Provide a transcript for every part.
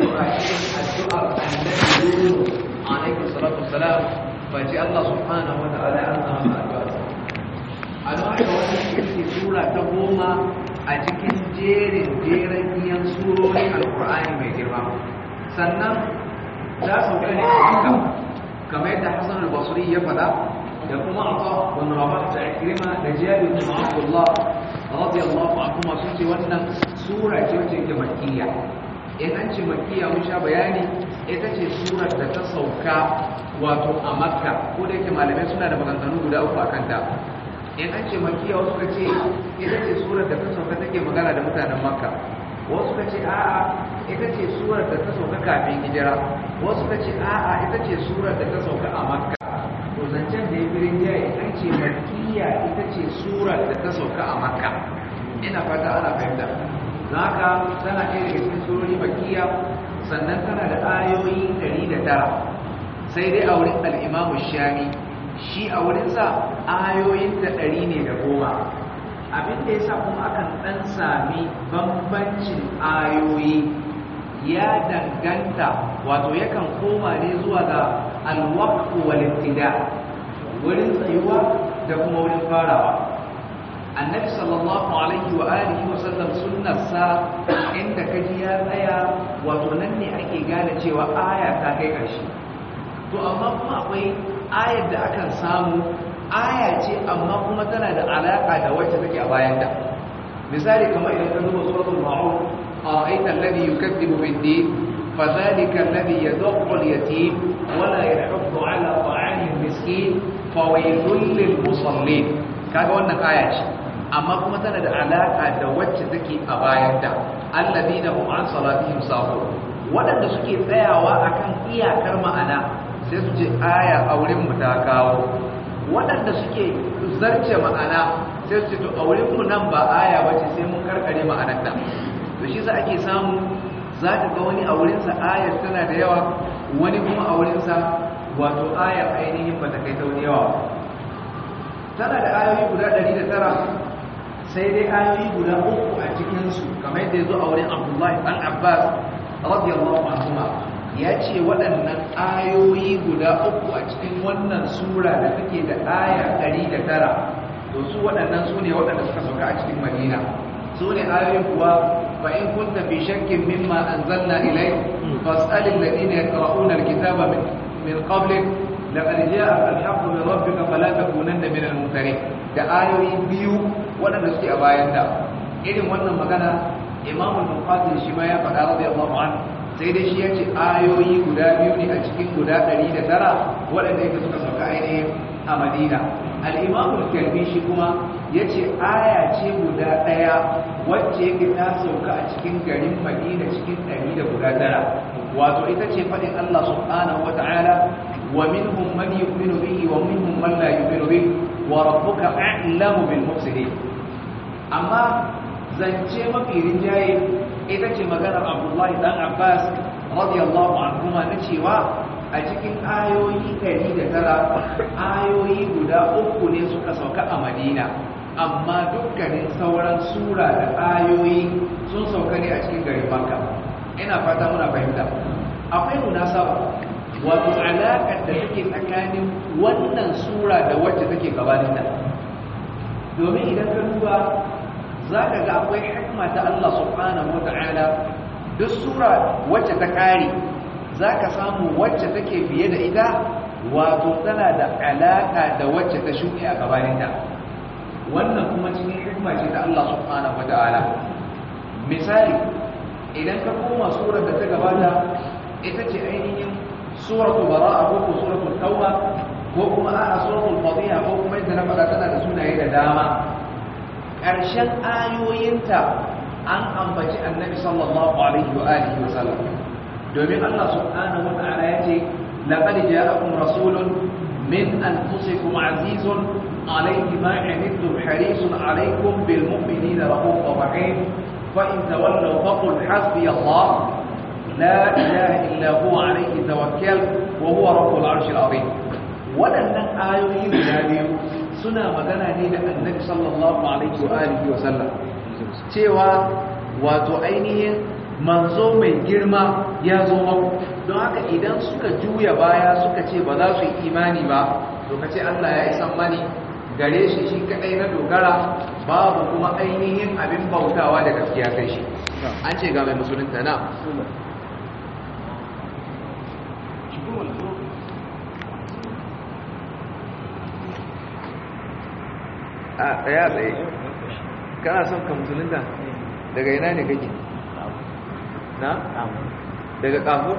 addu'a irin addu'ar annabi Yunus addu'a a lokacin wannan ita sura ta goma a cikin jerin jerin iyan alkur'ani mai girma sannan za su gani a ya fada da kuma da ikrima da jiyar wannan sura makiyya Idan ce makiya mun sha bayani ita ce surar da ta sauka wato a makka ko da yake malamai suna da maganganu guda uku a kanta idan ce makiya wasu ka ce ita ce surar da ta sauka take magana da mutanen makka wasu ka ce a'a ita ce surar da ta sauka kafin hijira wasu ka ce a'a ita ce surar da ta sauka a makka to zancen da ya fi rinjaya ita ce makiya ita ce surar da ta sauka a makka ina fata ana fahimta ka? tana kai daga cikin surori bakiya? sannan tana da ayoyi 109 sai dai a wurin al'imamu shami shi a wurin sa ayoyin da ɗari ne da goma abin da ya sa kuma akan ɗan sami bambancin ayoyi ya danganta wato yakan koma ne zuwa ga alwaƙo wurin tsayuwa da kuma wurin farawa annabi sallallahu alaihi wa alihi wa sallam sunnarsa inda kaji ya tsaya wato nan ne ake gane cewa aya ta kai ƙarshe to amma kuma akwai ayar da akan samu aya ce amma kuma tana da alaƙa da wacce take a bayan da misali kamar idan ka duba suratul ma'un ara'aita alladhi yukaththibu bid-din فذلك الذي يدق اليتيم ولا يحض على طعام المسكين فويل للمصلين kaga wannan aya ce amma kuma tana da alaka da wacce take a bayanta alladina hum an salatihim sahu waɗanda suke tsayawa akan iyakar ma'ana sai su ce aya auren mu ta kawo waɗanda suke zarce ma'ana sai su ce to auren mu nan ba aya bace sai mun karkare ma'anar ta to shi sa ake samu za ka ga wani sa ayar tana da yawa wani kuma sa wato ayar ainihin ba ta kai ta yawa tana da ayoyi guda ɗari da tara. sai dai ayoyi guda uku a cikinsu kamar yadda ya zo a wurin abdullahi ɗan abbas radiyallahu anhu ya ce waɗannan ayoyi guda uku a cikin wannan sura da take da aya ɗari da tara to su waɗannan su ne waɗanda suka sauka a cikin madina su ne ayoyin kuwa in kunta fi shakkin mimma anzalna ilai fas'alin ladina yaqra'una alkitaba min qablik laqad jaa al-haqqu min rabbika fala takunanna min al da ayoyi biyu waɗanda suke a bayan da irin wannan magana Imam al-Bukhari shi ma ya faɗa radiyallahu anhu sai dai shi ya ce ayoyi guda biyu ne a cikin guda 109 waɗanda yake suka sauka ainihin a Madina al-Imam al-Kalbi shi kuma yace aya ce guda ɗaya wacce yake ta sauka a cikin garin Madina cikin ɗari da guda tara wato ita ce faɗin Allah subhanahu ta'ala ومنهم من يؤمن به ومنهم من لا يؤمن به وربك أعلم بالمفسدين أما zance mafi rinjaye ita ce maganar abdullahi dan abbas radiyallahu anhuma na cewa a cikin ayoyi da tara, ayoyi guda uku ne suka sauka a madina amma dukkanin sauran sura da ayoyi sun sauka ne a cikin garin makka ina fata muna fahimta akwai munasaba wato alakar da take tsakanin wannan sura da wacce take gabanin ta, domin idan ka duba za ka ga akwai hikma ta Allah subhanahu wata'ala duk sura wacce ta kare za ka samu wacce take fiye da ita wato tana da alaƙa da wacce ta shuɗe a gabanin ta wannan kuma cikin hikma ce ta Allah subhanahu wata'ala misali idan ka koma surar da ta gabata ita ce ainihin سورة براءة حكم سورة التوبة حكم آية سورة الفضيعة حكم إذا نفلت أنا رسولنا إلى داما أرشد آية ينتا عن أنبجي النبي صلى الله عليه وآله وسلم دومين الله سبحانه وتعالى يتي لقد جاءكم رسول من أنفسكم عزيز عليه ما عندتم حريص عليكم بالمؤمنين رؤوف ورحيم فإن تولوا فقل حسبي الله لا إله إلا هو عليه توكل وهو رب العرش العظيم waɗannan ayoyi guda biyu suna magana ne da annabi sallallahu alaihi wa alihi wa sallam cewa wato ainihin manzo mai girma ya zo maku don haka idan suka juya baya suka ce ba za su yi imani ba to ka ce Allah ya yi mani gare shi shi kadai na dogara babu kuma ainihin abin bautawa da gaskiya kai shi an ce ga mai musulunta na a tsaya tsaye kana son ka da daga ina ne kake na daga kafo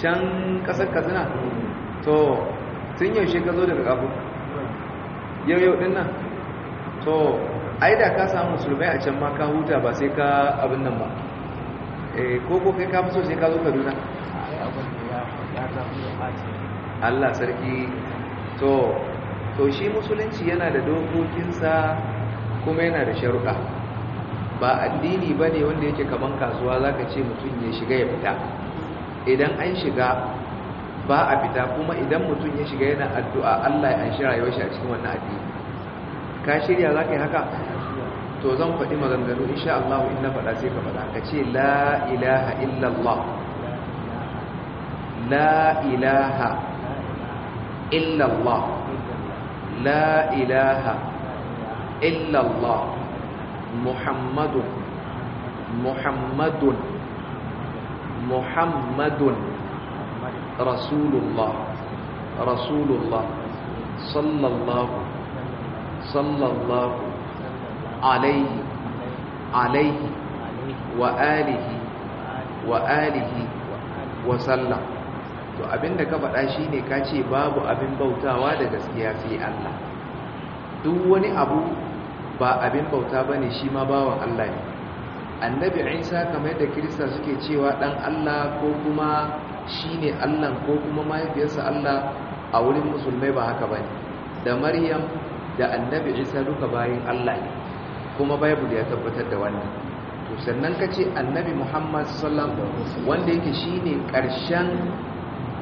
can kasar katsina to tun yaushe ka zo daga kafo yau yau din nan to ai da ka samu musulmai a can ma ka huta ba sai ka abin nan ba ko ko kai ka fi so sai ka zo kaduna Allah sarki to to shi musulunci yana da dokokinsa kuma yana da sharuɗa ba addini ba ne wanda yake kaman kasuwa za ka ce mutum ya shiga ya fita idan an shiga ba a fita kuma idan mutum ya shiga yana addu'a allah ya anshi rayuwar shi a cikin wannan addini ka shirya za ka yi haka to zan faɗi maganganu insha Allah in na faɗa sai ka faɗa ka ce la ilaha illallah la ilaha illallah la ilaha illallah muhammadun muhammadun muhammadun rasulullah rasulullah sallallahu sallallahu alaihi alaihi wa alihi wa to abinda ka faɗa shi ne ka ce babu abin bautawa da gaskiya sai Allah duk wani abu ba abin bauta ba ne shi ma bawan Allah ne annabi isa kamar yadda kirista suke cewa ɗan Allah ko kuma shi ne Allah ko kuma mahaifiyarsa Allah a wurin musulmai ba haka ba ne da maryam da annabi isa duka bayan Allah ne kuma bible ya tabbatar da wannan to sannan ka ce annabi muhammad sallallahu wanda yake shine ƙarshen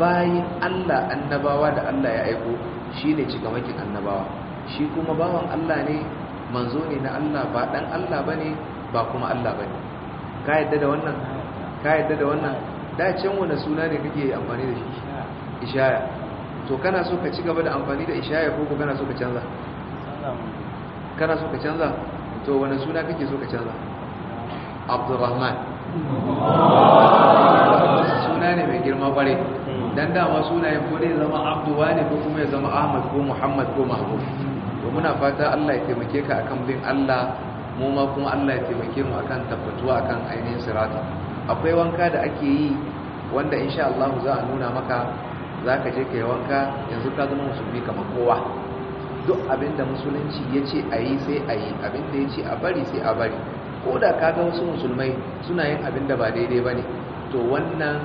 bayin Allah annabawa da Allah ya aiko shi shine cikamakin annabawa shi kuma bawan Allah ne manzo ne na Allah ba dan Allah ba ne, ba kuma Allah bane ka yadda da wannan ka yadda da wannan da can wani suna ne kake amfani da shi ishaya to kana so ka ci gaba da amfani da ishaya ko kana so ka canza kana so ka canza to wani suna kake so ka canza abdurrahman suna ne mai girma kwarai dan dama sunayen ko dai zama abduwa ne ko kuma ya zama ahmad ko muhammad ko mahmud to muna fata Allah ya taimake ka akan bin Allah mu ma kuma Allah ya taimake mu akan tabbatuwa akan ainihin sirata akwai wanka da ake yi wanda insha Allah za a nuna maka zaka je kai wanka yanzu ka zama musulmi kamar kowa duk abinda musulunci ya ce a yi sai a da abinda ce a bari sai a bari ko da ka ga wasu musulmai suna yin abinda ba daidai ba ne? to wannan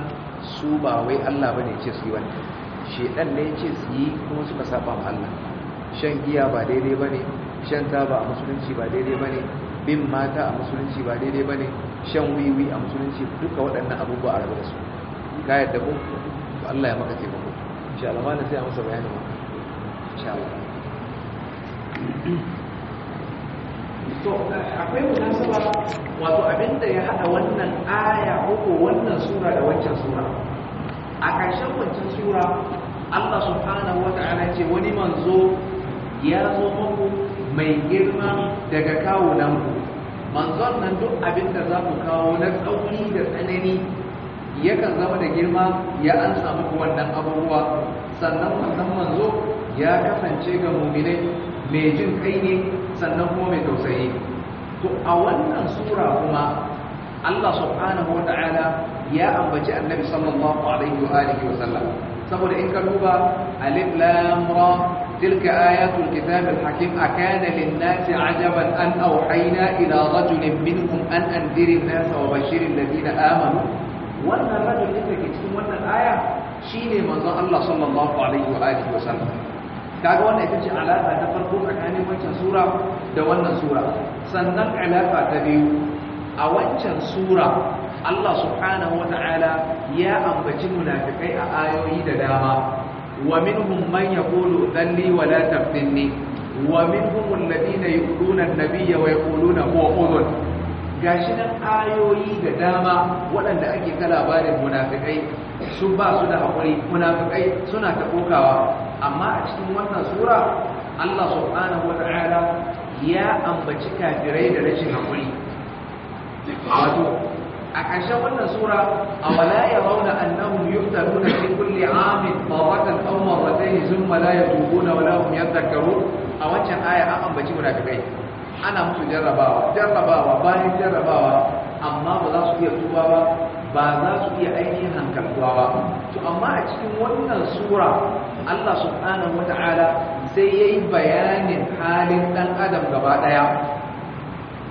su ba wai Allah bane ya ce su yi wani shaidan ne ya ce su yi kuma suka saba ma Allah shan giya ba daidai ba ne, shan taba a musulunci ba daidai ba ne, bin mata a musulunci ba daidai ba ne, shan wiwi a musulunci duka waɗannan abubuwa a rabu da su ga yadda ku? to Allah ya maka ku, insha Allah sai a masa bayanin maka insha Allah so akwai munasaba wato abinda ya hada wannan aya uku wannan sura da wancan sura a ƙarshen wancan sura Allah subhanahu wa ce wani manzo ya zo muku mai girma daga kawunan ku manzon nan duk abin da za ku kawo na tsauni da tsanani yakan zama da girma ya an samu wannan abubuwa sannan wannan manzo ya kasance ga muminai mai jin kai ne sannan kuma mai tausayi to a wannan sura kuma Allah subhanahu wa ta'ala ya ambaci annabi sallallahu alaihi wa alihi wa sallam saboda in ka duba alif lam ra tilka ayatul kitab al hakim akana lin nasi ajaban an awhayna ila rajulin minhum an andir nas wa bashir alladhina amanu wannan rajul da ke cikin wannan aya shine manzo Allah sallallahu alaihi wa alihi wa sallam kaga wannan ita ce alaka ta farko tsakanin wancan sura da wannan sura sannan alaka ta biyu a wancan sura Allah subhanahu wata'ala ya ambaci munafikai a ayoyi da dama wa minhum man yaqulu dhalli wa la tabtinni wa minhum alladhina yu'minuna an-nabiyya wa yaquluna huwa udhun gashi nan ayoyi da dama waɗanda ake kala labarin munafikai su ba su da haƙuri munafikai suna ta kokawa amma a cikin wannan sura Allah subhanahu wata'ala ya ambaci kafirai da rashin hakuri wato a ƙarshen wannan sura a wala ya rauna annahum yuftaruna fi kulli amin tawatan aw marratayn thumma la yatubuna wala hum yadhakkarun a wancan aya an ambaci munafikai ana musu jarrabawa jarrabawa bayan jarrabawa amma ba za su iya tuba ba ba za su iya aiki hankaltuwa ba to amma a cikin wannan sura Allah subhanahu wata'ala sai yayi bayanin halin ɗan adam gaba daya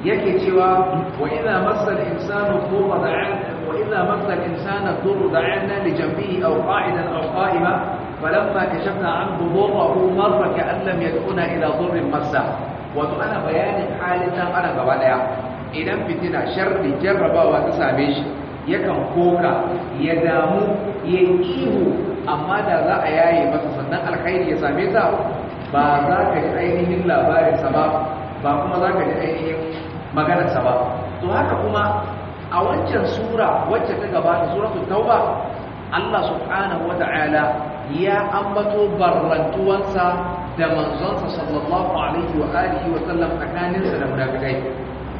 yake cewa wa idza massa insanu dhurra da'ana wa idza massa al-insana dhurra da'ana li jambihi aw qa'idan aw qa'ima falamma a 'anhu dhurrahu marra ka'an ya tuna ila zurrin matsa? wato ana bayanin halin ɗan adam gaba ɗaya. idan fitina sharri jarrabawa ta same shi yakan koka ya damu ya ihu amma da za a yaye masa sannan alkhairi ya same ta ba za ka ji ainihin labarinsa ba ba kuma za ka ji ainihin maganarsa ba to haka kuma a wancan sura wacce ta gabata suratul tauba Allah subhanahu wata'ala ya ambato barrantuwansa da manzonsa sallallahu alaihi wa alihi wa sallam tsakaninsa da munafikai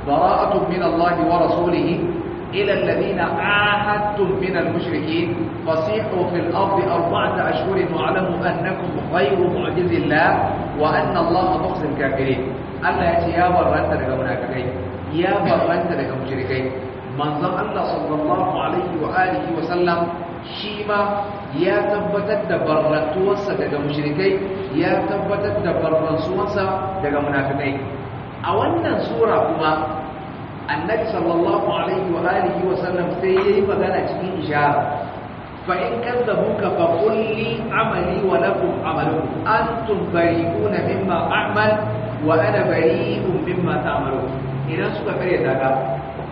bara'atu min Allah wa rasulihi إلى الذين عاهدتم من المشركين فصيحوا في الأرض أربعة أشهر واعلموا أنكم غير معجز الله وأن الله مخزي الكافرين ألا يأتي يا بر أنت لك منافقين يا بر أنت لك مشركين من الله صلى الله عليه وآله وسلم شيما يا تبتت برنت وصى لك مشركين يا تبتت برنت وصى لك منافقين أولا سورة annabi sallallahu alaihi wa alihi wa sallam sai yayi magana cikin ishara fa in kadzabuka fa qul li amali wa lakum amalukum antum bari'una mimma a'mal wa ana bari'un mimma ta'malun idan suka kare daga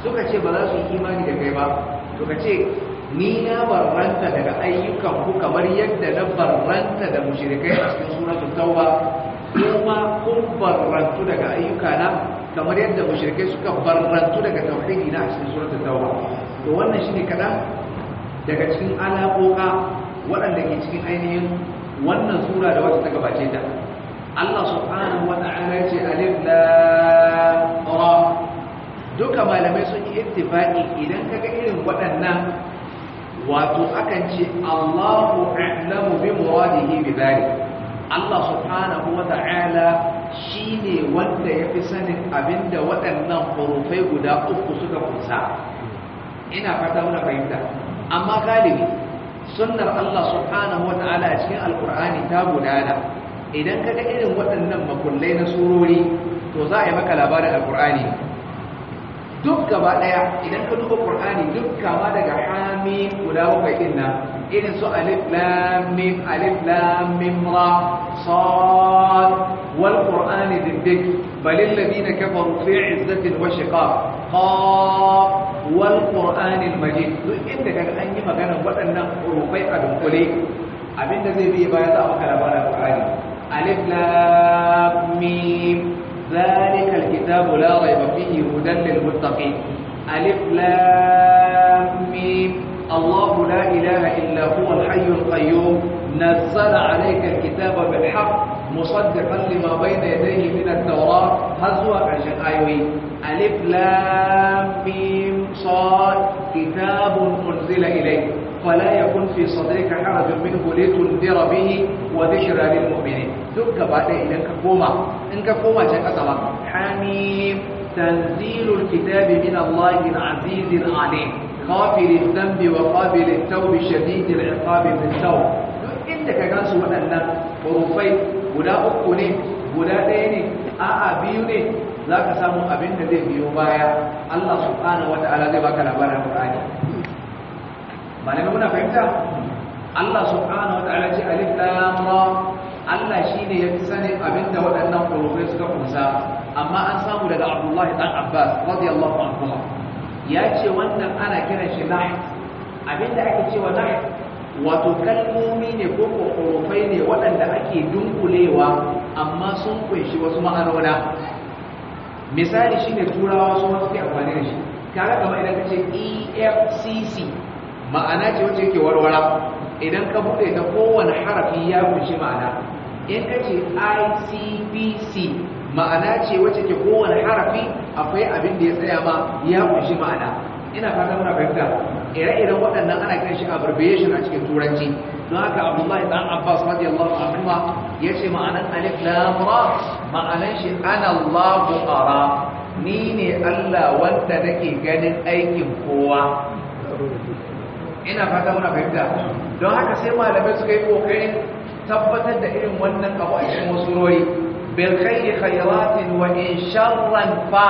suka ce ba za su yi imani da kai ba suka ce ni na barranta daga ayyukan ku kamar yadda na barranta da mushrikai a cikin suratul tauba kuma kun barrantu daga ayyuka na kamar yadda mushrikai suka barrantu daga tauhidi na cikin suratul tauba to wannan shine kada daga cikin alaƙoƙa waɗanda ke cikin ainihin wannan sura da wacce ta gabace ta Allah subhanahu wa ta'ala ya ce alif lam ra duka malamai sun yi ittifaqi idan kaga irin waɗannan wato akan ce Allahu a'lamu bi muradihi bi dhalik Allah subhanahu wa ta'ala shi ne wanda ya fi sanin abinda waɗannan hurufai guda uku suka kusa ina fata muna fahimta amma galibi sunnar Allah subhanahu wa ta'ala a cikin alkur'ani ta gudana idan kaga irin waɗannan makullai na surori to za a yi maka labarin alkur'ani duk gaba daya idan ka duba qur'ani duk kama daga hamim guda bakwai din nan irin su alif lam mim alif lam mim ra sad wal qur'ani diddik bal alladhina kafaru fi izzatin wa shiqaq qaf wal qur'ani al majid duk inda kaga an yi magana waɗannan hurufai a dunkule abinda zai bi baya za a maka labarin qur'ani alif lam mim ذلك الكتاب لا ريب فيه هدى للمتقين ألف لام ميم الله لا إله إلا هو الحي القيوم نزل عليك الكتاب بالحق مصدقا لما بين يديه من التوراة هزوى عشان آيوي ألف لام ميم صاد كتاب أنزل إليك فلا يكن في صدرك حرج منه لتنذر به وذكرى للمؤمنين duk gaba ɗaya idan ka koma in ka koma can ƙasa ba hamim tanzilul kitabi min Allahi al-aziz al-alim ghafir al wa al-iqab duk inda ka gasu waɗannan hurufai guda uku ne guda ɗaya ne a'a biyu ne za ka samu abin da zai biyo baya Allah subhanahu wa ta'ala zai baka labarin Qur'ani malamai muna fahimta Allah subhanahu ta'ala ce alif lam ra Allah shine ya fi sanin abinda waɗannan kurufai suka kunsa amma an samu daga Abdullah dan Abbas radiyallahu anhu ya ce wannan ana kiran shi nah abinda ake cewa nah wato kalmomi ne ko kurufai ne waɗanda ake dunkulewa amma sun kunshi wasu ma'anona misali shine turawa su wasu ke amfani da shi kaga kamar idan ka ce EFCC ma'ana ce wacce yake warwara idan ka buɗe ta kowane harafi ya kunshi ma'ana in ka ce icbc ma'ana ce wacce ke kowane harafi akwai abin da ya tsaya ma ya kunshi ma'ana ina fata muna fahimta ire-iren waɗannan ana kiran shi abbreviation a cikin turanci don haka abdullahi dan abbas radiyallahu anhu ma yace ma'anan alif lam ra ma'anan shi ana allahu ara ni ne allah wanda nake ganin aikin kowa ina fata muna fahimta don haka sai malamai suka yi kokarin tabbatar da irin wannan abu a cikin wasu rori bil khayri khayratin wa in sharran fa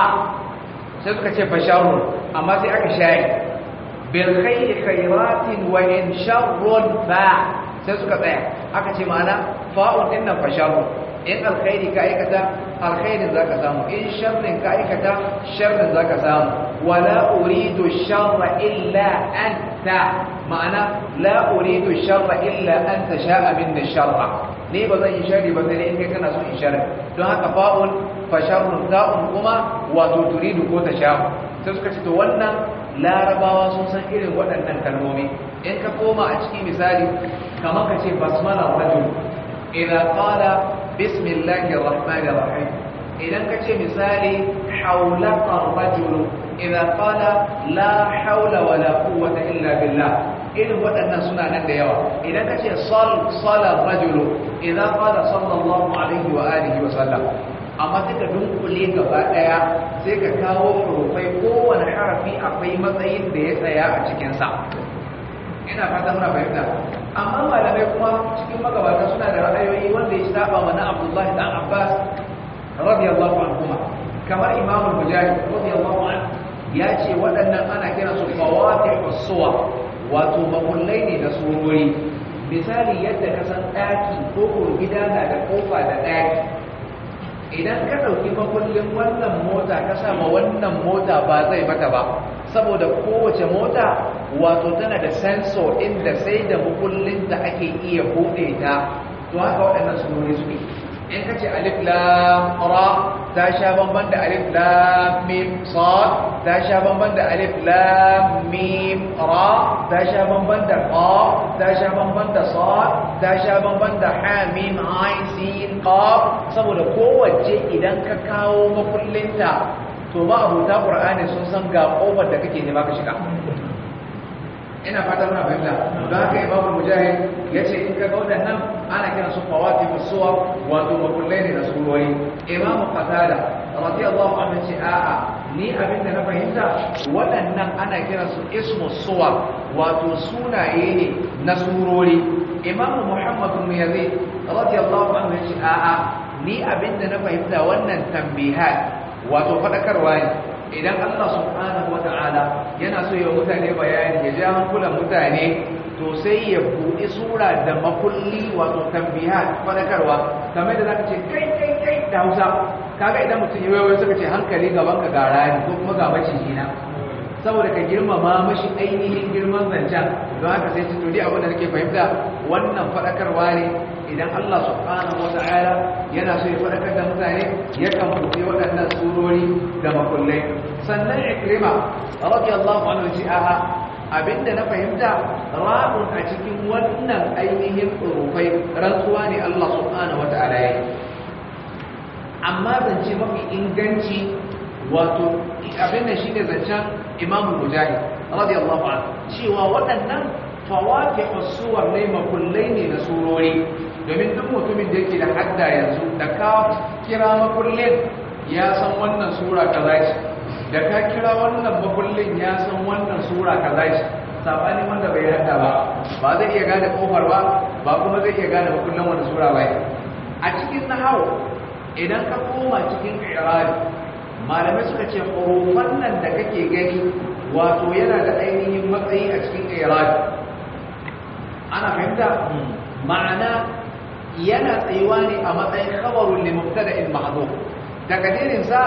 sai suka ce fa sharrun amma sai aka shayi bil khayri khayratin wa in sharrun fa sai suka tsaya aka ce ma'ana fa'un din nan fa sharrun in alkhairi ka aikata alkhairin zaka samu in sharrin ka aikata sharrin zaka samu wala uridu sharra illa anta ma'ana la uridu sharra illa anta sha'a minna sharra ne ba zan yi sharri ba sai in kai kana so in sharri don haka fa'un fa sharrun ta'un kuma wato turidu ko ta sha'u sai suka ce to wannan larabawa sun san irin waɗannan kalmomi in ka koma a cikin misali kamar ka ce basmala rajul idan qala bismillahir rahmanir rahim idan ka ce misali haulaka rajul idza qala la haula wala quwwata illa billah irin waɗannan suna nan da yawa idan kace sal sala rajulu idza qala sallallahu alaihi wa alihi wa sallam amma sai ka dunkule gaba daya sai ka kawo hurufai kowane harafi akwai matsayin da ya tsaya a cikinsa. ina fata muna fahimta amma malamai kuma cikin magabata suna da ra'ayoyi wanda ya saba wa na Abdullahi dan Abbas radiyallahu anhu kamar Imam Mujahid radiyallahu anhu ya ce waɗannan ana kira su fawatihu suwa wato makullai ne da surori misali yadda ka san ɗaki ko ko gida na da kofa da ɗaki idan ka ɗauki makullin wannan mota ka sama wannan mota ba zai mata ba saboda kowace mota wato tana da senso inda sai da da ake iya buɗe ta to haka waɗannan su suke in ka ce alif la ra ta sha bamban da alif lam mim sad ta sha bamban da alif lam mim ra ta sha bamban da qa ta sha bamban da sad ta sha bamban da ha mim ain sin qaf saboda kowace idan ka kawo makullinta to ba abota qur'ani sun san ga kofar da kake ne ba ka shiga ina fata muna fahimta don haka imamu mujahid ya ce in ka ga waɗannan ana kiran su fawati musuwa wato makullai ne na surori imamu qatada Allah anhu ce a'a ni abin da na fahimta waɗannan ana kiran su ismu suwa wato sunaye ne na surori imamu muhammadu yazid Allah anhu ce a'a ni abin da na fahimta wannan tambihat wato faɗakarwa ne idan Allah subhanahu wata'ala yana so ya mutane bayani ya ja hankulan mutane to sai ya buɗi sura da makulli wato tambiha faɗakarwa kamar da za ka ce kai kai kai da Hausa kaga idan mutum ya wayo suka ce hankali gaban ka gara ne ko kuma ga mace jina, saboda ka girmama mashi ainihin girman zancen don haka sai ce to abin da nake fahimta wannan faɗakarwa ne idan Allah subhanahu wa ta'ala yana so ya faɗakar da mutane yakan buɗe waɗannan surori da makullai sannan ikrima radiyallahu anhu ji aha abinda na fahimta ra'un a cikin wannan ainihin rufai rantsuwa ne Allah subhanahu wa ta'ala ya amma zance mafi inganci wato abin da shine zancen imamu mujahid radiyallahu anhu cewa waɗannan fawaqi'u suwar ne makullai ne na surori domin duk mutumin da yake da hadda yanzu da ka kira makullin ya san wannan sura ka ce da ka kira wannan makullin ya san wannan sura ka ce sabani wanda bai hadda ba ba zai iya gane kofar ba ba kuma zai iya gane makullin wannan sura ba a cikin nahawu idan ka koma cikin irabi malamai suka ce hurufan nan da kake gani wato yana da ainihin matsayi a cikin irabi ana fahimta hmm. ma'ana yana tsayuwa ne a matsayin khabarun li mubtada'in mahdhuf takadirin sa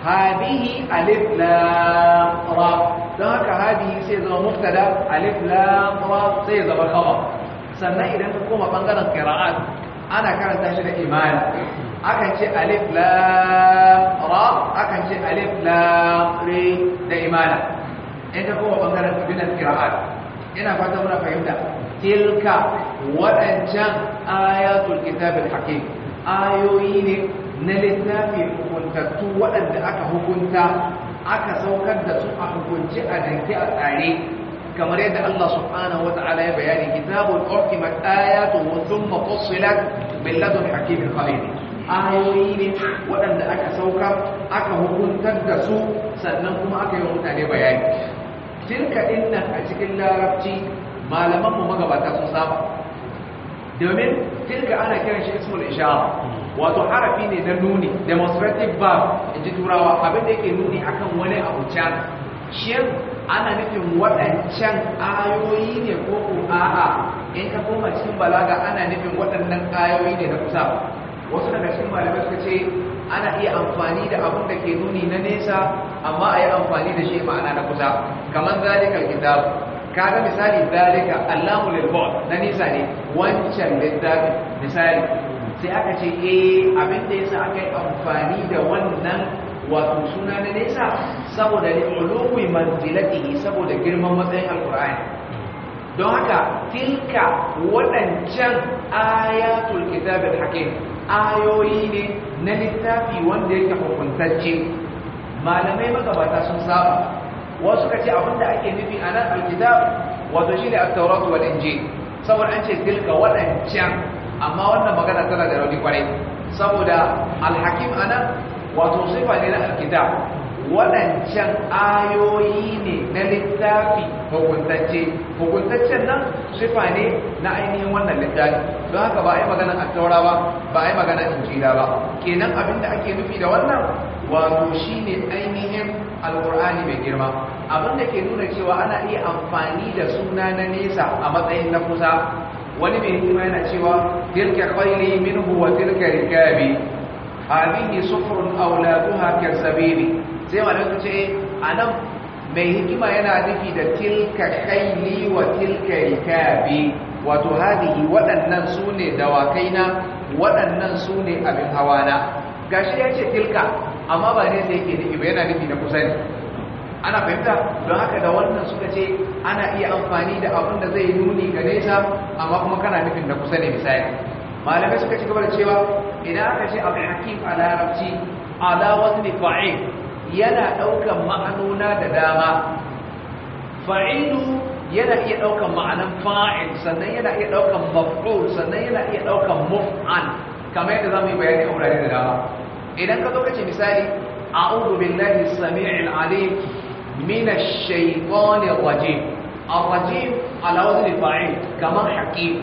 hadihi alif lam don haka hadihi sai zama mubtada alif lam ra sai zama khabar sannan idan ka koma bangaren qira'at ana karanta shi da imani akan ce alif lam ra akan ce alif lam ri da imana in ka koma bangaren ibn al ina fata muna fahimta tilka waɗancan ayatul kitabil hakim ayoyi ne na littafi hukuntattu waɗanda aka hukunta aka saukar da su a hukunci a danki a tsare kamar yadda Allah subhanahu wata'ala ya bayani kitabul uqimat ayatuhu thumma fussilat min ladun hakimin khabir ayoyi ne waɗanda aka sauka aka hukuntar da su sannan kuma aka yi mutane bayani tilka dinnan a cikin larabci malaman mu magabata sun saba domin tilka ana kiran shi ismul ishara wato harafi ne da nuni demonstrative verb in turawa abin da yake nuni akan wani abu can shi ana nufin waɗancan ayoyi ne ko ko a'a in ka koma cikin balaga ana nufin waɗannan ayoyi ne na kusa wasu daga cikin malamai suka ce ana iya amfani da abin da ke nuni na nesa amma a yi amfani da shi ma'ana na kusa kamar zalikal kitab kaga misali dalika allahu lil na nisa ne wancan littafi misali sai aka ce eh abin da yasa aka yi amfani da wannan wato suna na nesa saboda ne ulumi manzilatihi saboda girman matsayin alqur'ani don haka tilka waɗancan ayatul kitab hakim ayoyi ne na littafi wanda yake hukuntacce malamai magabata sun saba wasu ka ce abinda ake nufi a nan alkitab wato shi ne a tauratu wa ɗanje saboda an ce tilka waɗancan amma wannan magana tana da rauni kwarai saboda alhakim a nan wato sifa ne na alkitab waɗancan ayoyi ne na littafi hukuntacce hukuntaccen nan sifa ne na ainihin wannan littafi don haka ba a yi maganar attaura ba ba a yi maganar injila ba kenan abinda ake nufi da wannan wato shi ne ainihin alkur'ani mai girma abin da ke nuna cewa ana iya amfani da suna na nesa a matsayin na kusa wani mai hikima yana cewa tilka khayli minhu wa tilka rikabi hadhihi sufrun awladuha kasabili sai malaku ce anan mai hikima yana nufi da tilka khayli wa tilka rikabi wato hadhihi waɗannan sune dawakaina waɗannan sune abin hawana gashi ya ce tilka amma ba ne da yake nufi ba yana nufi na kusa ne ana fahimta don haka da wannan suka ce ana iya amfani da abin da zai nuni ga nesa amma kuma kana nufin na kusa ne misali malamai suka ci gaba da cewa idan aka ce abu hakim a larabci ala ne fa'il yana ɗaukar ma'anuna da dama fa'ilu yana iya ɗaukar ma'anan fa'il sannan yana iya ɗaukar maf'ul sannan yana iya ɗaukar muf'al kamar yadda zamu yi bayani a wurare da dama idan ka zo kace misali a'udhu billahi as-sami'il 'alim min ash ar-rajim ala wazn fa'il kamar hakim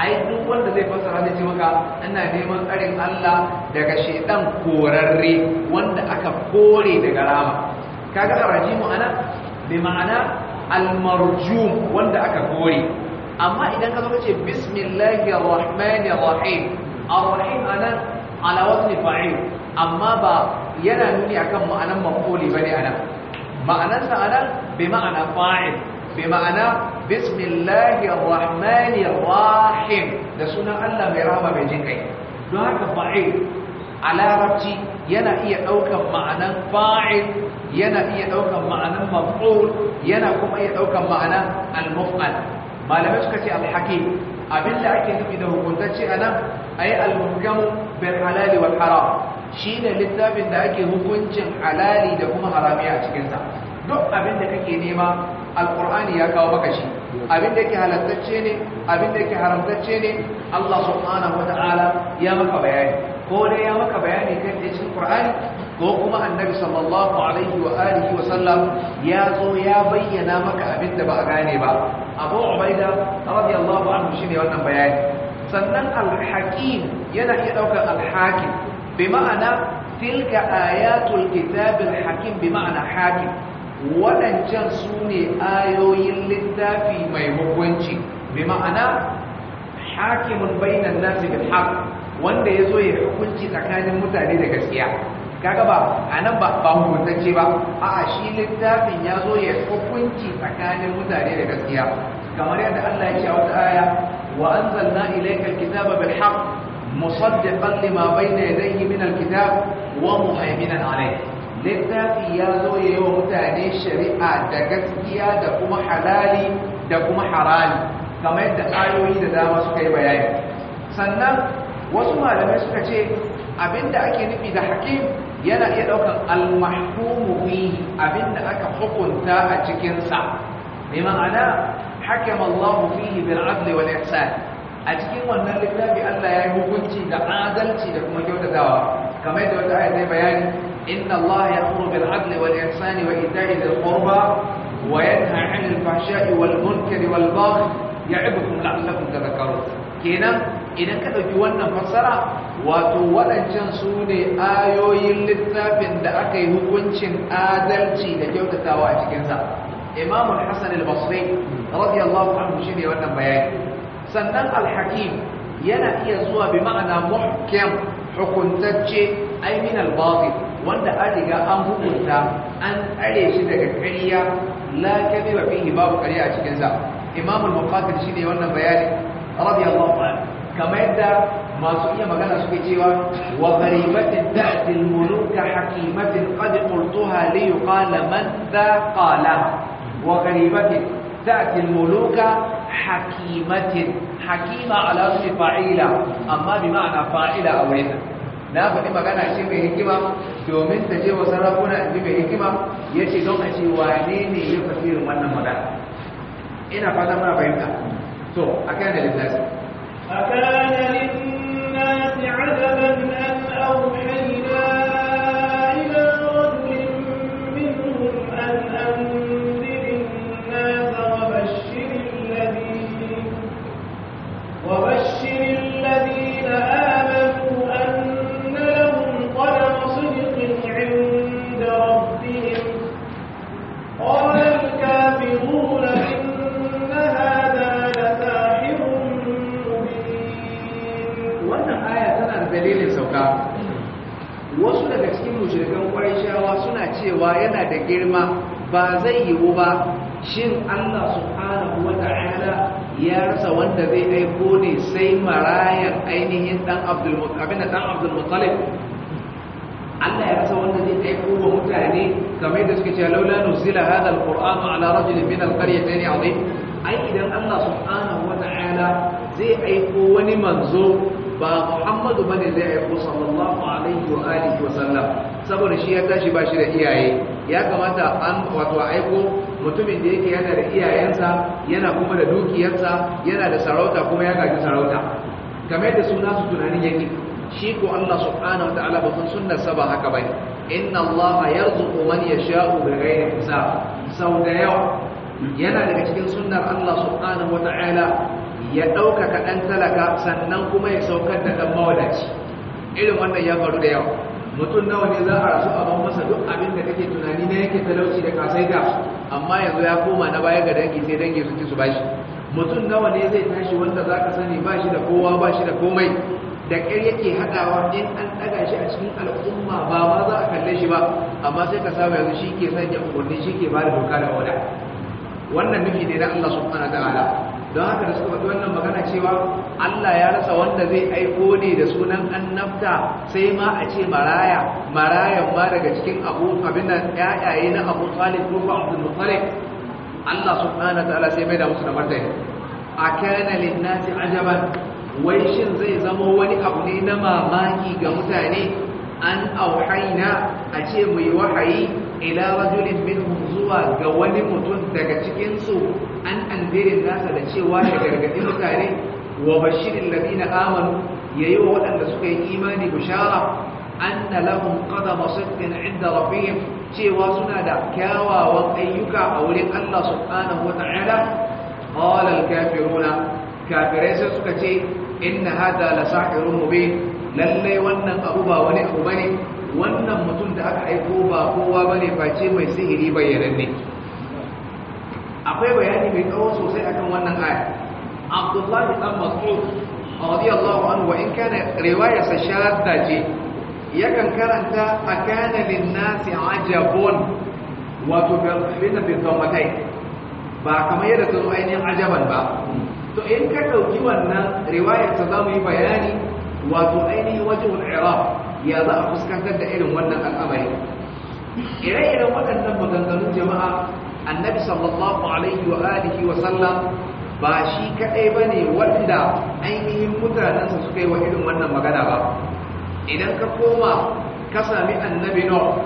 ai duk wanda zai fassara zai ce ina neman tsarin Allah daga shaytan korarre wanda aka kore daga rama kaga ar-rajim ana bi ma'ana al-marjum wanda aka kore amma idan ka zo kace bismillahir rahmanir rahim ar-rahim ana ala wazn fa'il amma ba yana nuni akan ma'anan maf'uli bane anan ma'anansa anan bi ma'ana fa'il bi ma'ana bismillahir rahmanir rahim da sunan Allah mai rahama mai jin kai don haka fa'il a larabci yana iya daukan ma'anan fa'il yana iya daukan ma'anan maf'ul yana kuma iya daukan ma'anan al-muf'al malamai suka ce al-hakim abin da ake nufi da hukuntacce anan ayi al-muhkam bil halali wal haram shine littafin da ake hukuncin halali da kuma harami a cikinsa duk abin da kake nema alkur'ani ya kawo maka shi abin da yake halattacce ne abin da yake haramtacce ne Allah subhanahu wata'ala ya maka bayani ko dai ya maka bayani kan cikin qur'ani ko kuma annabi sallallahu alaihi wa alihi wa sallam ya zo ya bayyana maka abin da ba a gane ba abu ubaida radiyallahu anhu shine wannan bayani sannan al-hakim yana iya daukar al-hakim bima'ana tilka ayatul kitabil hakim bima'ana hakim waɗancan sune ne ayoyin littafi mai hukunci bima'ana hakimun bainan nasi bil haqq wanda yazo ya hukunci tsakanin mutane da gaskiya kaga ba anan ba ba hukuntacce ba a'a shi littafin yazo ya hukunci tsakanin mutane da gaskiya kamar yadda Allah ya ce a wata aya wa anzalna ilayka alkitaba bil haqq musaddiqan lima bayna yadayhi min alkitab wa muhaiminan littafi ya zo ya yi wa mutane shari'a da gaskiya da kuma halali da kuma harali kamar yadda ayoyi da dama suka yi bayani sannan wasu malamai suka ce abinda ake nufi da hakim yana iya daukan al-mahkumu abinda aka hukunta a cikinsa sa ma'ana hakama Allah fihi bil adli wal ihsan a cikin wannan littafi Allah ya yi hukunci da adalci da kuma kyautatawa kamar yadda wata aya zai bayani inna Allah ya'muru bil adli wal ihsani wa ita'i dhil qurba wa yanha 'anil fahsha'i wal munkari wal baghi ya'idukum la'allakum tadhakkarun kenan idan ka dauki wannan fassara wato waɗancan su ne ayoyin littafin da aka yi hukuncin adalci da kyautatawa a cikinsa imamul hasan al-basri radiyallahu anhu shine wannan bayani sannan alhakim yana iya zuwa bi ma'ana muhkam hukuntacce ai min albatil wanda an riga an hukunta an tsare shi daga ƙarya la kabira fihi babu ƙarya a cikin sa imam al-muqatil shine wannan bayani radiyallahu anhu kamar yadda masu iya magana suke cewa wa gharibatin da'til muluka hakimatin qad qultuha li yuqala man dha qala wa gharibatin da'til muluka hakimatin hakima ala su fa'ila amma bi ma'ana fa'ila a wurin na faɗi magana ce mai hikima domin ta je wa sarakuna ji mai hikima ya ce don a ce wane ne ya fasirin wannan magana ina fata muna fahimta to a kayan da littafi a da abin da dan abdul muttalib Allah ya rasa wanda zai aiko wa mutane game da suke cewa laula nuzila hadha alquran ala rajulin min alqaryatayn azim ai idan Allah subhanahu wata'ala zai aiko wani manzo ba Muhammadu bane zai aiko sallallahu alaihi wa alihi wa sallam saboda shi ya tashi ba shi da iyaye ya kamata an wato aiko mutumin da yake yana da iyayensa yana kuma da dukiyarsa yana da sarauta kuma ya gaji sarauta game da suna su tunanin yake shi ko Allah subhanahu wataala batun sunnar sa ba haka bane inna Allah yarzuqu man yasha'u bighairi hisab sau da yawa yana daga cikin sunnar Allah subhanahu wataala ya dauka kaɗan talaka sannan kuma ya saukar da dan mawadaci irin wannan ya faru da yawa mutum nawa ne za a rasu a ban masa duk abin da kake tunani na yake talauci da kasai da amma yanzu ya koma na baya ga dangi sai dangi su ci su bashi mutum nawa ne zai tashi wanda za ka sani ba shi da kowa ba shi da komai da ƙar yake haɗawa in an ɗaga shi a cikin al'umma ba ma za a kalle shi ba amma sai ka saba yanzu shi ke sanya umarni shi ke bada doka da wada wannan nufi ne na Allah subhanahu ta'ala don haka da suka faɗi wannan magana cewa Allah ya rasa wanda zai aiko ne da sunan annabta sai ma a ce maraya marayan ma daga cikin abu abin nan ƴaƴaye na Abu Talib ko abu Muttalib Allah subhanahu ta'ala sai mai da musu da martani a lin-nasi ajaban wai shin zai zama wani abu ne na mamaki ga mutane an auhaina a ce mai wahayi ila rajulin minhum zuwa ga wani mutum daga cikinsu an andirin nasa da cewa ya gargaɗi mutane wa bashirin ladina amanu yayi wa waɗanda suka yi imani bishara anna lahum qadama sidqin inda rabbihim cewa suna da kyawawan ayyuka a wurin Allah subhanahu wa ta'ala qala al-kafiruna kafirai sai suka ce inna hada la sahirun mubin lalle wannan abu ba wani abu bane wannan mutum da aka aiko ba kowa bane face mai sihiri bayyananne akwai bayani mai tsawo sosai akan wannan aya Abdullahi dan Mas'ud radiyallahu anhu wa in kana riwayarsa shadda ce yakan karanta akana lin-nasi ajabun wato bi bi ba kamar yadda tazo ainihin ajaban ba to in ka ɗauki wannan riwayar ta za mu yi bayani wato ainihi wajen iraq ya za a fuskantar da irin wannan al'amari ire-iren waɗannan maganganun jama'a annabi sallallahu alaihi wa alihi wa sallam ba shi kaɗai ba ne wanda ainihin mutanensa suka yi wa irin wannan magana ba idan ka koma ka sami annabi no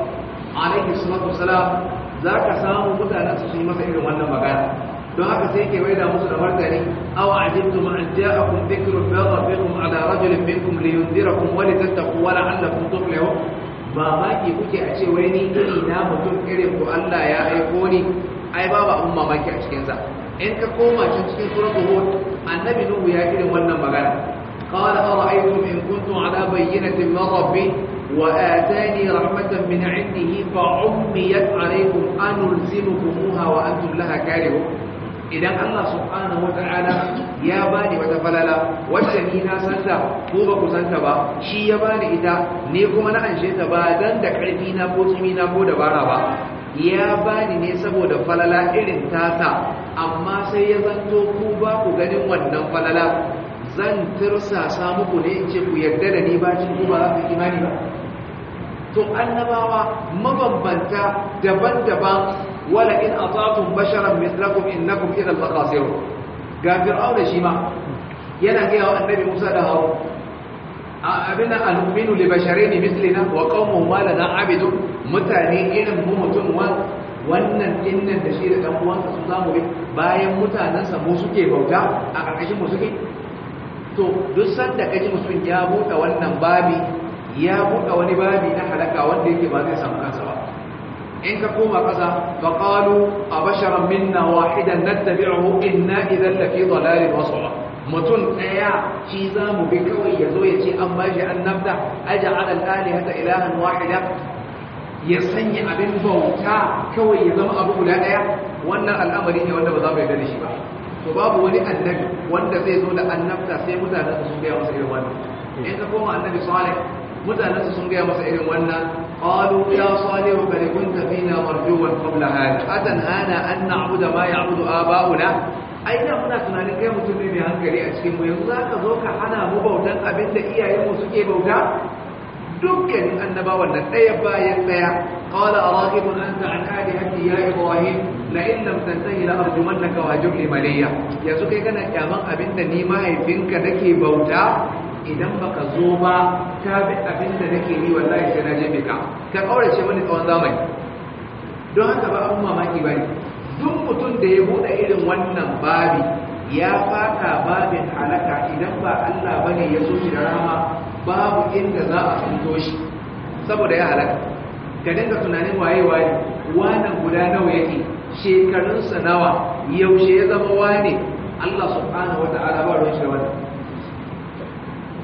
alaihi salatu wasalam za ka samu mutanensa su yi masa irin wannan magana don haka sai ke maida musu da martani aw ajibtum an ja'akum dhikrun min rabbikum ala rajulin minkum liyunzirakum wa litattaqu wa la'allakum tuflihun ba ma ki kuke a ce wai ni iri na mutum irin ku Allah ya aiko ni ai babu abun mamaki a cikin sa in ka koma can cikin suratul hud annabi nuhu ya irin wannan magana قال أرأيتم إن كنتم على بينة من ربي وآتاني رحمة من عنده فعميت عليكم أنلزمكموها وأنتم لها كارهون idan Allah subhanahu ta'ala ya bani wata falala wacce ni na santa ko ba ku santa ba shi ya bani ita ne kuma na anshe ta ba dan da karfi na ko kimi na ko dabara ba ya bani ne saboda falala irin ta ta amma sai ya zanto ku ba ku ganin wannan falala zan tursa sa muku ne in ce ku yarda da ni ba cin ku ba za ku imani ba to annabawa mabambanta daban-daban wala in atatum basharan mithlakum innakum idhan laqasirun ga fir'auna shi ma yana ga annabi Musa da Harun abin al-mu'minu li basharin mithlina wa qawmuhu ma lana abidun mutane irin wannan dinnan da shi da dan uwansa su zamu bi bayan mutanansa mu suke bauta a ƙarƙashin mu suke to duk sanda kaji mutum ya buɗe wannan babi ya buɗe wani babi na halaka wanda yake ba zai samu in ka koma ƙasa ba ƙalu a basharar minna wahidan na tabi'ahu inna idan lafi zalalin wasu mutum ɗaya shi za mu bi kawai ya zo ya ce an ba shi an nafta aja alal ɗali hata ilahan wahida ya sanya abin bauta kawai ya zama abu guda ɗaya wannan al'amari ne wanda ba za mu yarda da shi ba to babu wani annabi wanda zai zo da an nafta sai mutanen su sun gaya masa irin wannan in ka koma annabi salih mutanen su sun gaya masa irin wannan قالوا يا صالح قد كنت فينا مرجوا قبل هذا أتنهانا أن نعبد ما يعبد آباؤنا ai da muna tunanin kai mutum ne mai hankali a cikin mu yanzu za ka zo ka hana mu bautan abin da iyayenmu suke bauta Duk dukkanin annabawan nan ɗaya bayan ɗaya qala araqibun anta an alihati ya ibrahim la in lam tantahi la arjumannaka wa jumli maliya yanzu kai kana kyaman abin da ni mahaifinka nake bauta idan baka zo ba ta bi abin da nake yi wallahi sai na je ka ka ce mini tsawon zamani don haka ba abun mamaki ne. duk mutum da ya buɗe irin wannan babi ya fata babin halaka idan ba Allah bane ya so da rama, babu inda za a tsinto shi saboda ya halaka ka dinga tunanin waye waye wannan guda nawa yake shekarunsa nawa yaushe ya zama wane Allah subhanahu wa ta'ala ba ruwan shi da wannan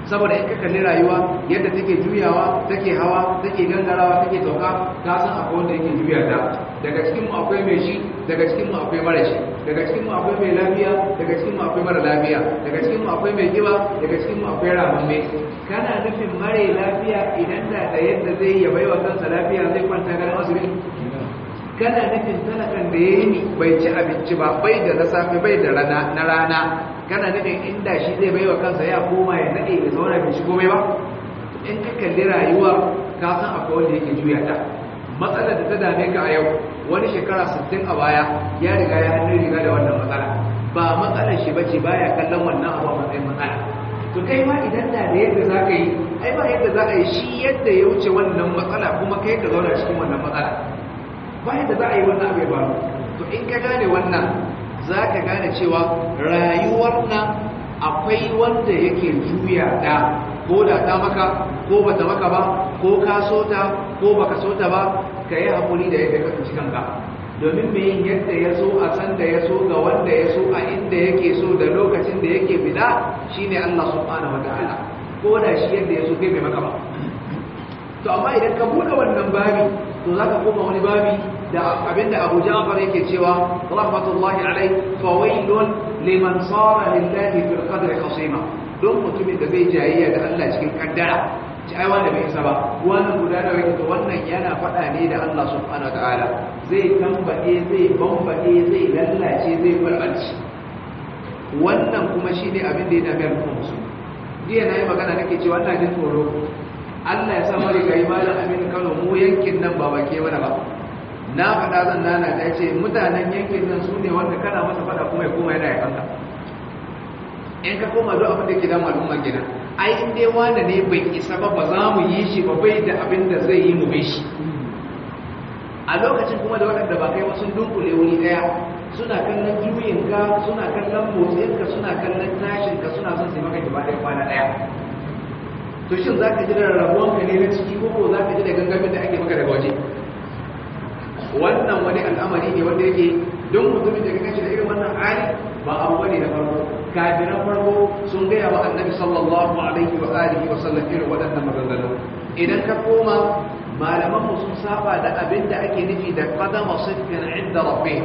saboda in ka kalli rayuwa yadda take juyawa take hawa take gangarawa take sauka ta san akwai wanda yake juya ta daga cikin mu akwai mai shi daga cikin mu akwai mara shi daga cikin mu akwai mai lafiya daga cikin mu akwai mara lafiya daga cikin mu akwai mai giba daga cikin mu akwai ramamme kana nufin mare lafiya idan da da yadda zai ya baiwa kansa lafiya zai kwanta garin asibiti kana nufin talakan da ya yi bai ci abinci ba bai da na safe bai da na rana kana nufin inda shi zai bai wa kansa ya koma ya nade ya zauna bai shigo mai ba in ka kalli rayuwa ka san akwai wanda yake juya ta matsalar da ta dame ka a yau wani shekara 60 a baya ya riga ya hannun riga da wannan matsala ba matsalar shi bace baya kallon wannan abu a matsayin matsala to kai ma idan da da yadda za ka yi ai ba yadda za a yi shi yadda ya wuce wannan matsala kuma kai ka zauna cikin wannan matsala ba yadda za a yi wannan abu ya faru to in ka gane wannan za ka gane cewa rayuwar nan akwai wanda yake juya da, ko da ta maka ko ba ta maka ba ko ka so ta ko ba ka so ta ba ka yi haƙuri da yadda ka tsinci kanka domin mai yin yadda ya so a san da ya so ga wanda ya so a inda yake so da lokacin da yake bida shine Allah subhanahu ta'ala. ko da shi yadda ya so kai bai maka ba to amma idan ka buɗe wannan babi to za ka koma wani babi da abinda Abu Ja'far yake cewa rahmatullahi alaihi fawailun liman sara lillahi fil qadri khasima don mutumin da zai jayayya da Allah cikin kaddara ci ai da bai isa ba wannan guda da wani to wannan yana faɗa ne da Allah subhanahu wataala zai tambaye zai bambaɗe zai lallace zai farbanci wannan kuma shine abin da ya dabe al'umma jiya na yi magana nake cewa ina jin tsoro Allah ya sa mara ga imanin amin Kano mu yankin nan ba bake mana ba na faɗa zan nana ta ce mutanen yankin nan su ne wanda kana masa faɗa kuma ya koma yana ya kanka in ka koma zo abin da ke damu al'umma gida ai in dai wanda ne bai isa ba ba za mu yi shi ba bai da abin da zai yi mu bai shi a lokacin kuma da waɗanda ba kai wasu dunkule wuri ɗaya suna kallon juyin ka, suna kallon motsin ka, suna kallon tashin ka, suna son sai maka gaba ɗaya kwana ɗaya to shin za ka ji da ka ne na ciki ko ko za ka ji da gangamin da ake maka daga waje wannan wani al'amari ne wanda yake don mutumin da kake da irin wannan hali ba abu ne na farko kafiran farko sun gaya wa annabi sallallahu alaihi wa alihi wa sallam irin waɗannan maganganu idan ka koma malaman sun saba da abin da ake nufi da qadama sidqin inda rabbih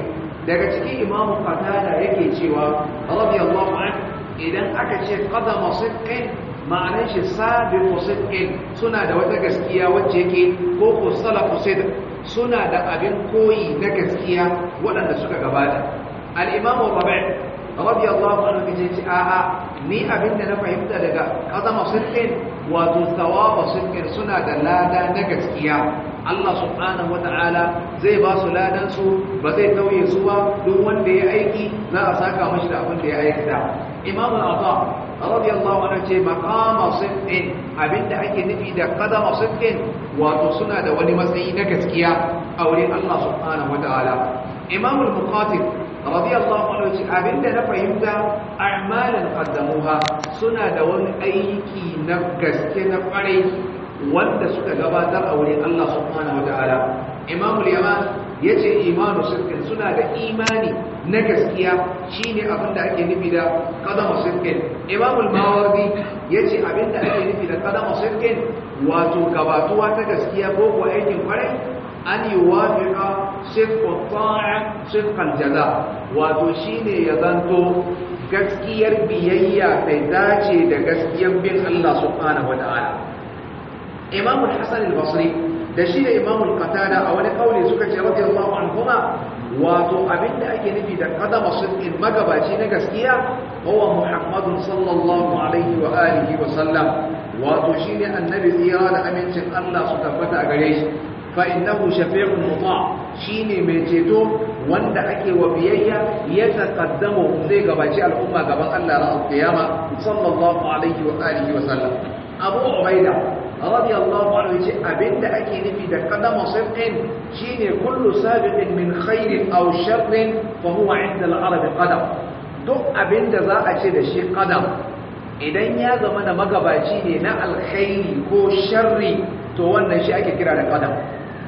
daga cikin imamu qatada yake cewa radiyallahu an idan aka ce qadama sidqin ma'anar shi sabiqu sidqin suna da wata gaskiya wacce yake ko ko salafu sidqin suna da abin koyi na gaskiya waɗanda suka gabata al'imamu rabai rabi Allah wani kace ce a'a ni abin da na fahimta daga ƙazama sirrin? wato sawaba sulhin suna da lada na gaskiya Allah subhanahu wata'ala zai ba su ladan su ba zai tauye su ba duk wanda ya aiki za a saka mashi da abin da ya aikata imamu al radiyallahu anhu ce maqama sidqin abinda ake nufi da qadama sidqin wato suna da wani matsayi na gaskiya a wurin Allah subhanahu wataala imam al-muqatil radiyallahu anhu ce abinda na fahimta a'malan qaddamuha suna da wani aiki na gaske na kwarai wanda suka gabatar a wurin Allah subhanahu wataala imam al ya ce imanu sirkin suna da imani na gaskiya shi ne abinda ake nufi da kadama sirkin imamul mawardi ya ce abinda ake nufi da kadama sirkin wato gabatuwa ta gaskiya ko kuwa aikin kwarai an yi wafiƙa sirkun ta'a sirkun jaza wato shi ne ya zanto gaskiyar biyayya bai dace da gaskiyar bin allah subhanahu wa ta'ala imamul hasan al-basri da shi da imamul qatada a wani kauli suka ce radiyallahu anhuma wato abinda ake nufi da qadama sidqin magabaci na gaskiya huwa muhammadun sallallahu alaihi wa alihi wa sallam wato shine annabi tsira da amincin Allah su tabbata a gare shi fa innahu shafi'un muta shine mai ceto wanda ake wa biyayya ya taqaddamu zai gabaci al'umma gaban Allah ran kiyama sallallahu alaihi wa alihi wa sallam abu ubaida radiyallahu anhu yace abinda ake nufi da qadamu sirrin shine kullu sabiqin min khairin aw sharrin fa huwa 'inda al-arab qadam duk abinda za a ce da shi qadam idan ya zama da magabaci ne na alkhairi ko sharri to wannan shi ake kira da qadam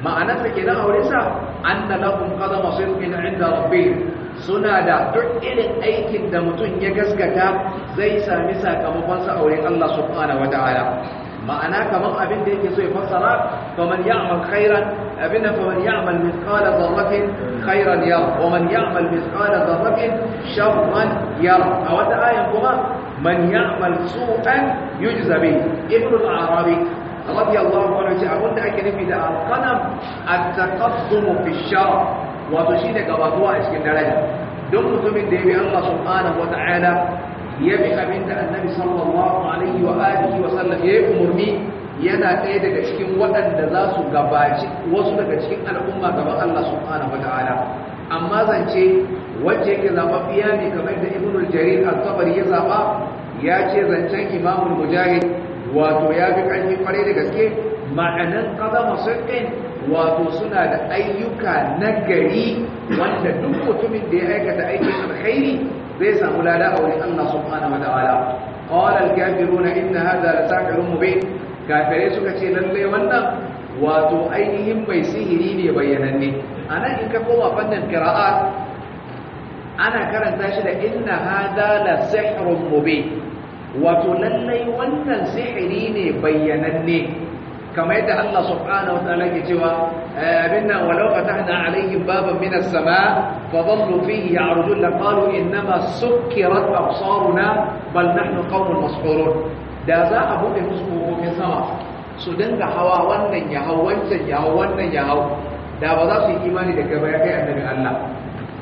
ma'anarsa kenan a sa anna lahum qadama sidqin 'inda rabbihim suna da duk irin aikin da mutum ya gaskata zai sami sakamakonsa sa aure Allah subhanahu wataala ma'ana kamar abin da yake so ya fassara kamar ya'mal khairan abin da kamar ya'mal mithqala dharratin khairan yara wa man ya'mal mithqala dharratin sharran yara a wata ayan kuma man ya'mal su'an yujza bih ibnu al-arabi radiyallahu anhu ce abin da ake nufi da al-qalam at-taqaddum fi shar wato shine gabatuwa a cikin daraja duk mutumin da ya bi Allah subhanahu wa ta'ala Yafi abinda annabi sallallahu alaihi wa alihi wa sallam ya yi umarni yana ɗaya daga cikin waɗanda za su gabaci wasu daga cikin al'umma gaban Allah subhanahu wa ta'ala amma zance wacce yake zaɓaɓɓiya ne kamar da ibn jarir al ya zaba ya ce zancen imamul mujahid wato ya fi ƙarfi kwarai da gaske ma'anan qadama sirrin wato suna da ayyuka na gari wanda duk mutumin da ya aikata aikin alkhairi zai samu lada a wurin Allah subhanahu wataala qala al-kafiruna inna hadha la sahirun mubin kafirai suka ce lalle wannan wato ainihin mai sihiri ne bayyananne anan in ka koma fannin qira'at ana karanta shi da inna hadha la sihrun mubin wato lalle wannan sihiri ne bayyananne kamar yadda Allah subhanahu wataala ke cewa eh, abin nan walau fatahna alaihim baban min as-sama fa dhallu fihi ya'rujun la qalu innama sukkirat absaruna bal nahnu qawmun mas'urun da za a bude musu hukumin sama su dinga hawa wannan ya hau wancan ya hau wannan ya hau da ba za su yi imani da gaba ya kai annabi Allah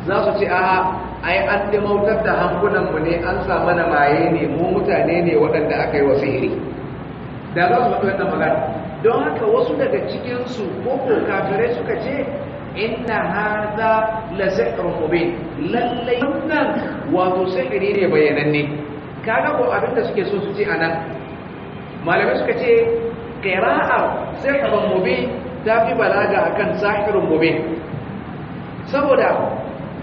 za su ce a ai an dimautar da hankunanmu ne an sa mana maye ne mu mutane ne waɗanda aka yi wa sihiri da za su faɗi wannan magana don haka wasu daga cikinsu ko ko kafirai suka ce inna hadha la sihrun mubin lalle wannan wato sihiri ne bayananne kaga ko abin da suke so su ce anan malamai suka ce qira'a sihrun mubin ta fi balaga akan sahirun mubin saboda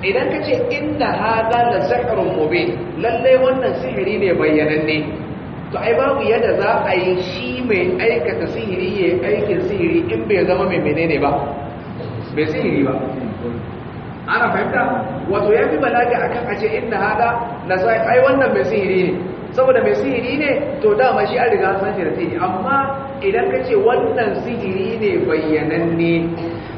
idan ka ce inna hadha la sihrun mubin lallai wannan sihiri ne bayananne to ai babu yadda za a yi shi mai aikata sihiri ya aikin sihiri in bai zama mai menene ba bai sihiri ba ana fahimta wato ya fi balaga akan kan ce inda hada na sai ai wannan mai sihiri ne saboda mai sihiri ne to dama shi an riga san shi da sihiri amma idan ka ce wannan sihiri ne bayyananne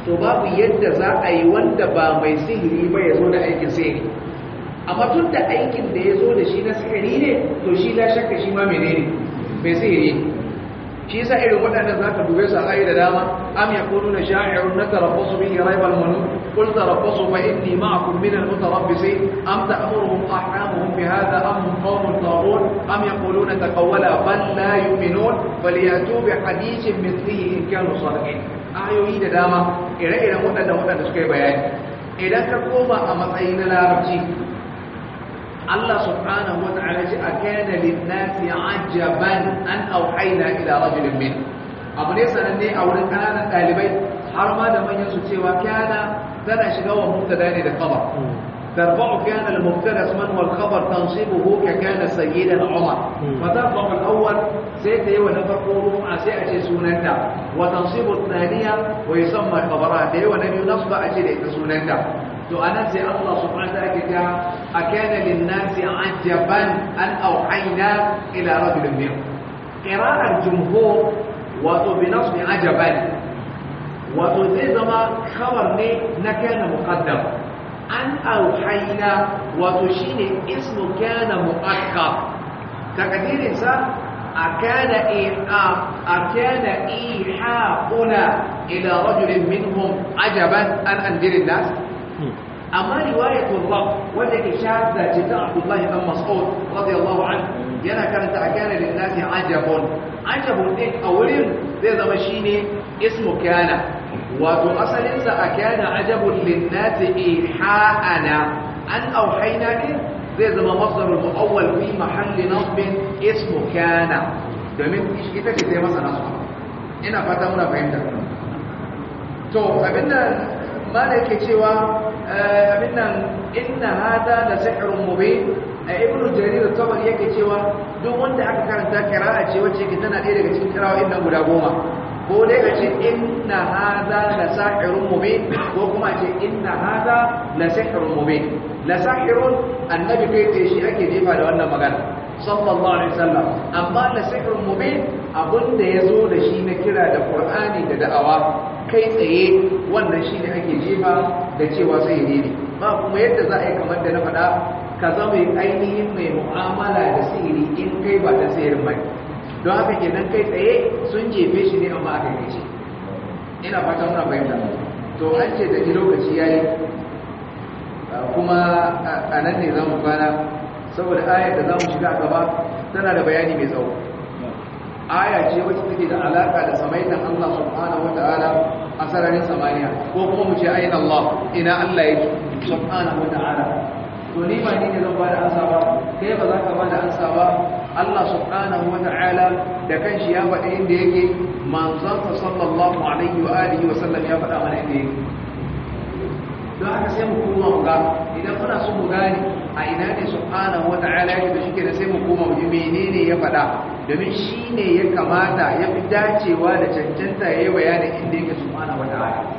to babu yadda za a yi wanda ba mai sihiri ba ya zo da aikin sihiri amma tun da aikin da ya zo da shi na sihiri ne to shi la shakka shi ma menene bai sihiri shi yasa irin waɗannan za ka dube su a da dama am ya kunu na sha'irun na tarabbasu bihi raibal manu qul tarabbasu fa inni ma'akum min al mutarabbisi am ta'muruhum ahramuhum bi hadha am hum qawmun tarun am yaquluna taqawwala bal la yu'minun bal yatu bi hadithin mithlihi in kanu sadiqin ayoyi da dama ire-iren waɗannan waɗanda suka yi bayani idan ka koma a matsayin na larabci الله سبحانه وتعالى أكان للناس عجبا أن أوحينا إلى رجل منه أبو ليس أني أولي أنا هذا من لمن سوى كان ترى شقوة مبتداني للخبر ترفع كان المبتدا من والخبر تنصيبه ككان سيدا عمر فترفع الاول سيد ايوه نفرقوه مع سيئه سننتا وتنصيب الثانيه ويسمى خبرها ايوه نبي نصب اجل سننتا تؤنس الله سبحانه وتعالى أكان للناس عجبا أن أوحينا إلى رجل منهم قراءة الجمهور وتو بنص عجبا وتو تزم خبرني نكان مقدم أن أوحينا وتشين اسم كان مؤخر تقدير صح أكان إيحاء أكان إيحاؤنا إلى رجل منهم عجبا أن أنذر الناس amma riwayatul rab wanda ke shahada ce ta Abdullahi dan Mas'ud radiyallahu anhu yana karanta akana lillahi ajabun ajabun din a wurin zai zama shine ismu kana wato asalin sa akana ajabun linnati ihana an auhayna din zai zama masdarul muawwal fi mahalli nasbin ismu kana domin ita ce sai masa nasu ina fata muna fahimta to abinda ba da yake cewa eh, abin nan inna hada da sihirun mubin a eh, ibn jarir tabari yake cewa duk wanda aka karanta qira'a ce wacce ke tana ɗaya daga cikin qira'o'in nan guda goma ko dai a ce inna hada la sahirun mubin ko kuma a ce inna hada la sahirun mubin la sahirun annabi kai ce shi ake jefa da wannan magana sallallahu alaihi wasallam amma la sahirun mubin abun da yazo da shi na kira da qur'ani da da'awa kai tsaye wannan shi ne ake jefa da cewa sai ya ne ba kuma yadda za a yi kamar da na faɗa ka zama ainihin mai mu'amala da sihiri in kai ba ta sayar mai don haka nan kai tsaye sun jefe shi ne amma aka yi ce ina fata muna fahimta to an ce da ji lokaci yi, kuma a nan ne za mu kwana saboda ayar da za mu shiga gaba tana da bayani mai tsawo aya ce wacce take da alaka da samaitan Allah subhanahu wataala a sararin samaniya ko kuma mu ce ayin Allah ina Allah yake subhanahu wataala to ni ba ni ne zan bada ansa ba kai ba za ka bada ansa ba Allah subhanahu wataala da shi ya faɗi inda yake manzon sa sallallahu alaihi wa alihi wa sallam ya faɗa mana inda yake don haka sai mu koma mu ga idan muna so mu gane a ina ne subhanahu wataala yake da shi ke da sai mu koma mu ji menene ya faɗa domin shi ne ya kamata ya fi dacewa da cancanta ya yi da inda yake mana wata ta'ala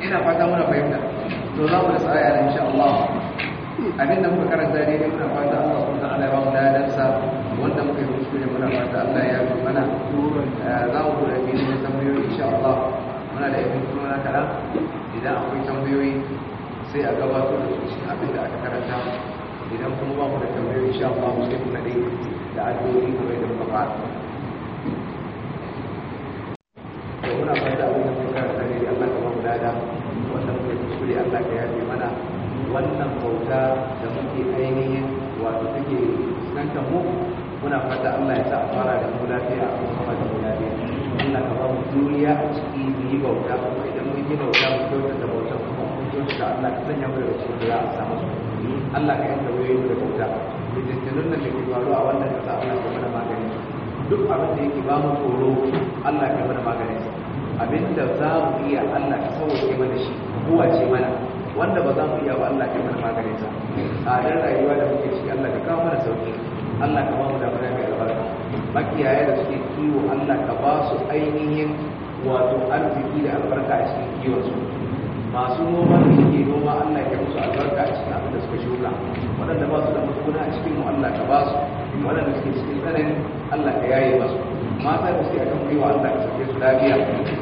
ina fata muna fahimta to za mu da tsaya yana insha Allah abinda muka karanta ne muna fata Allah subhanahu wa ta'ala ya ba mu sa wanda muka yi ne muna fata Allah ya yi mana eh, za mu kula da ne tambayoyi insha Allah muna da ibn kuma kala idan akwai tambayoyi sai a gabatar da su cikin abin aka karanta idan kuma ba mu da tambayoyi insha Allah mu sai kuma dai. da addu'o'i kamar da muka fara to muna fata abin da muka karanta ne Allah ka ba mu da wannan muke kuskure Allah ka yafe mana wannan bauta da muke ainihin wato take fuskantar mu muna fata Allah ya sa a fara da mu lafiya a kuma da mu lafiya Allah ka ba mu juriya a ciki mu yi bauta kuma idan mun yi bauta mu da bauta kuma mun kyautata Allah ka sanya mu da shi da za a samu Allah ka yanka wayoyin da bauta fitattunun da ke faru a wannan kasa Allah ka mana magani duk abin da yake ba mu tsoro Allah ka mana magani abin da za mu iya Allah ka sauke mana shi kuwa ce mana wanda ba za mu iya ba Allah ke mana magani sa tsadar rayuwa da muke ciki Allah ka kawo mana sauki Allah ka ba mu damar ga albarka makiyaya da suke kiwo Allah ka ba su ainihin wato arziki da albarka a cikin kiwon su masu noma da suke noma Allah ya musu albarka a cikin suka shuka waɗanda ba su da matukuna a cikin mu Allah ka ba su waɗanda suke cikin tsanani Allah ka yaye ba su mata da suke akan gwiwa Allah ka sauke su lafiya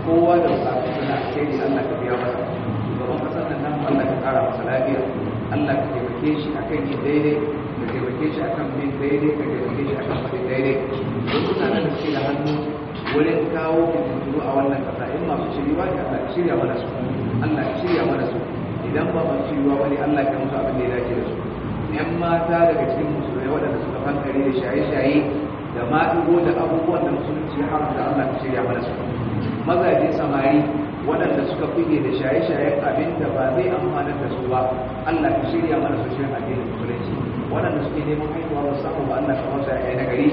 kowa da bukatun suna kai cikin Allah ka biya masa shugaban kasar nan nan Allah ka kara masa lafiya Allah ka taimake shi akan yin daidai ka taimake shi akan bin daidai ka taimake shi akan faɗin daidai duk mutanen da suke da hannu wurin kawo fitintunu a wannan kasa in masu shiri ba ne Allah ka shirya mana su Allah ka shirya mana su idan ba masu yiwuwa bane Allah ya musu abin da ya dace da su yan mata daga cikin musulmai waɗanda suka fankare da shaye-shaye da maɗigo da abubuwan da musulunci har da Allah ta shirya mana su mazaje samari waɗanda suka fige da shaye-shayen abin da ba zai amfanar da su ba Allah ta shirya mana su shirin addinin musulunci waɗanda suke neman haihuwa ba samu ba Allah kamar sa ya na gari,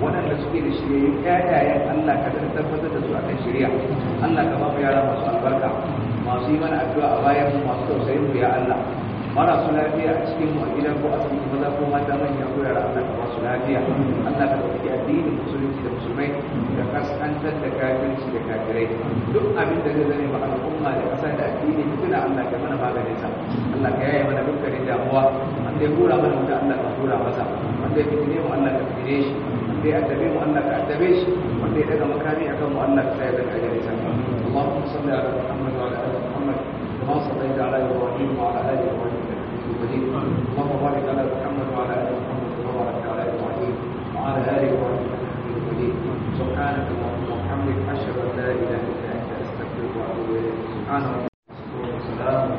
waɗanda suke da shiryayyun ƴaƴayen Allah ka tabbatar da su akan shirya Allah ka ba mu yara masu albarka masu yi mana addu'a a bayan mu masu tausayin mu ya Allah mara su lafiya a cikin mu a gidan ko a cikin maza ko mata manya ko yara Allah ka ba su lafiya Allah ka ɗauki addinin musulunci da musulmai da kaskantar da kafirci da kafirai duk abin da zai zane ma al'umma da ƙasa da addini fitina Allah ka mana maganin sa Allah ka yaye mana dukkanin damuwa wanda ya kura mana wuta Allah ka kura masa wanda ya fitine mu Allah ka fitine shi wanda ya addabe mu Allah ka addabe shi wanda ya daga makami akan mu Allah ka sa ya daga gare sa Allahumma salli ala Muhammad كما صليت على ابراهيم وعلى ال ابراهيم اللهم بارك على محمد وعلى ال محمد كما باركت على ابراهيم وعلى ال ابراهيم سبحانك اللهم وبحمدك اشهد ان لا اله الا انت استغفرك واتوب اليك سبحان ربك والسلام